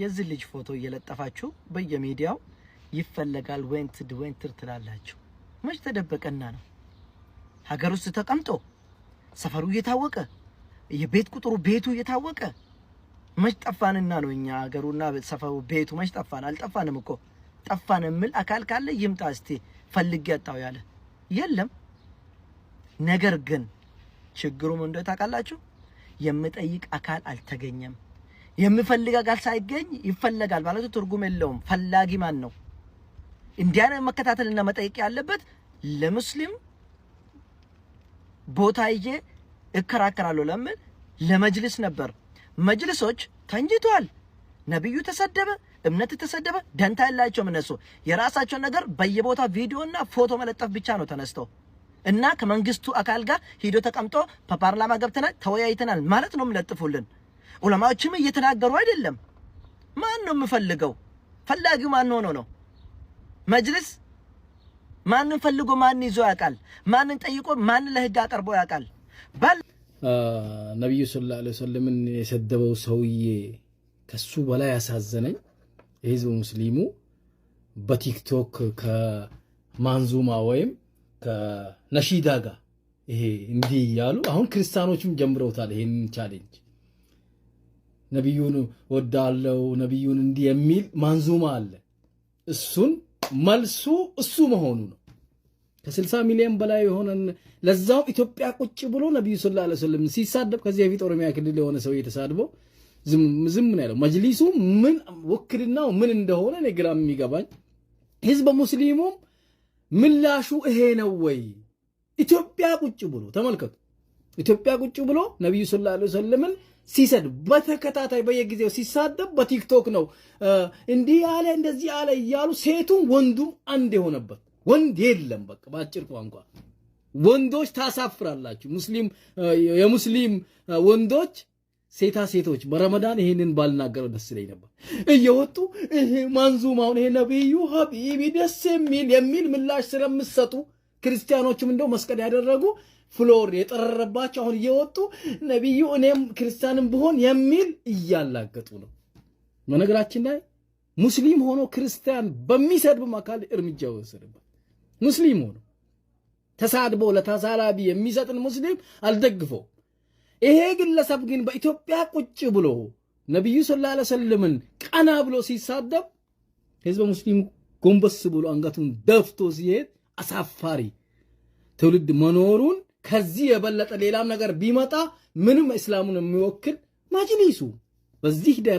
የዚህ ልጅ ፎቶ እየለጠፋችሁ በየሚዲያው ይፈለጋል ወንትድ ወንትድ ትላላችሁ። መች ተደበቀና ነው? ሀገር ውስጥ ተቀምጦ ሰፈሩ እየታወቀ የቤት ቁጥሩ ቤቱ እየታወቀ መች ጠፋንና ነው? እኛ ሀገሩና ሰፈሩ ቤቱ መች ጠፋን? አልጠፋንም እኮ ጠፋን የምል አካል ካለ ይምጣ እስቲ ፈልግ ያጣው ያለ የለም። ነገር ግን ችግሩም እንደ ታውቃላችሁ? የምጠይቅ አካል አልተገኘም። የሚፈልግ አካል ሳይገኝ ይፈለጋል ማለቱ ትርጉም የለውም። ፈላጊ ማን ነው? እንዲያን መከታተልና መጠየቅ ያለበት ለሙስሊም ቦታ ይዤ እከራከራለሁ። ለምን ለመጅልስ ነበር። መጅልሶች ተንጅቷል። ነቢዩ ተሰደበ፣ እምነት ተሰደበ። ደንታ የላቸውም እነሱ የራሳቸውን ነገር በየቦታ ቪዲዮና ፎቶ መለጠፍ ብቻ ነው ተነስተው እና ከመንግስቱ አካል ጋር ሂዶ ተቀምጦ በፓርላማ ገብተናል ተወያይተናል ማለት ነው የሚለጥፉልን ዑለማዎችም እየተናገሩ አይደለም። ማን ነው የምፈልገው? ፈላጊው ማን ሆኖ ነው? መጅልስ ማንን ፈልጎ ማንን ይዞ ያውቃል? ማንን ጠይቆ ማንን ለህግ አቀርቦ ያውቃል? በል ነቢዩ ሰለላሁ ዐለይሂ ወሰለምን የሰደበው ሰውዬ ከሱ በላይ ያሳዘነኝ የህዝብ ሙስሊሙ በቲክቶክ ከማንዙማ ወይም ከነሺዳ ጋር ይሄ እንዲህ እያሉ አሁን ክርስቲያኖችም ጀምረውታል ይሄን ቻሌንጅ ነቢዩን ወዳለው ነቢዩን እንዲህ የሚል ማንዙማ አለ። እሱን መልሱ እሱ መሆኑ ነው። ከስልሳ ሚሊዮን በላይ የሆነን ለዛው ኢትዮጵያ ቁጭ ብሎ ነቢዩ ሰለላሁ ላ ስለም ሲሳደብ ከዚህ በፊት ኦሮሚያ ክልል የሆነ ሰው ተሳድቦ ዝም ነው ያለው። መጅሊሱ ምን ውክልናው ምን እንደሆነ እኔ ግራ የሚገባኝ ህዝበ ሙስሊሙም ምላሹ ይሄ ነው ወይ? ኢትዮጵያ ቁጭ ብሎ ተመልከቱ። ኢትዮጵያ ቁጭ ብሎ ነቢዩ ሰለላሁ ላ ስለምን ሲሰድ በተከታታይ በየጊዜው ሲሳደብ በቲክቶክ ነው እንዲህ አለ እንደዚህ አለ እያሉ ሴቱም ወንዱም አንድ የሆነበት ወንድ የለም። በቃ በአጭር ቋንቋ ወንዶች ታሳፍራላችሁ። ሙስሊም የሙስሊም ወንዶች ሴታ ሴቶች በረመዳን ይሄንን ባልናገረው ደስ ይለኝ ነበር። እየወጡ ይሄ ይሄ ነቢዩ ሀቢቢ ደስ የሚል የሚል ምላሽ ስለምሰጡ ክርስቲያኖችም እንደው መስቀል ያደረጉ ፍሎር የጠረረባቸው አሁን እየወጡ ነቢዩ እኔም ክርስቲያንም ብሆን የሚል እያላገጡ ነው። በነገራችን ላይ ሙስሊም ሆኖ ክርስቲያን በሚሰድብም አካል እርምጃ ይወሰድበት። ሙስሊም ሆኖ ተሳድቦ ለተሳላቢ የሚሰጥን ሙስሊም አልደግፈው። ይሄ ግለሰብ ግን በኢትዮጵያ ቁጭ ብሎ ነቢዩ ሰለላሁ ዐለይሂ ወሰለምን ቀና ብሎ ሲሳደብ ህዝበ ሙስሊም ጎንበስ ብሎ አንገቱን ደፍቶ ሲሄድ አሳፋሪ ትውልድ መኖሩን ከዚህ የበለጠ ሌላም ነገር ቢመጣ ምንም እስላሙን የሚወክል ማጅሊሱ በዚህ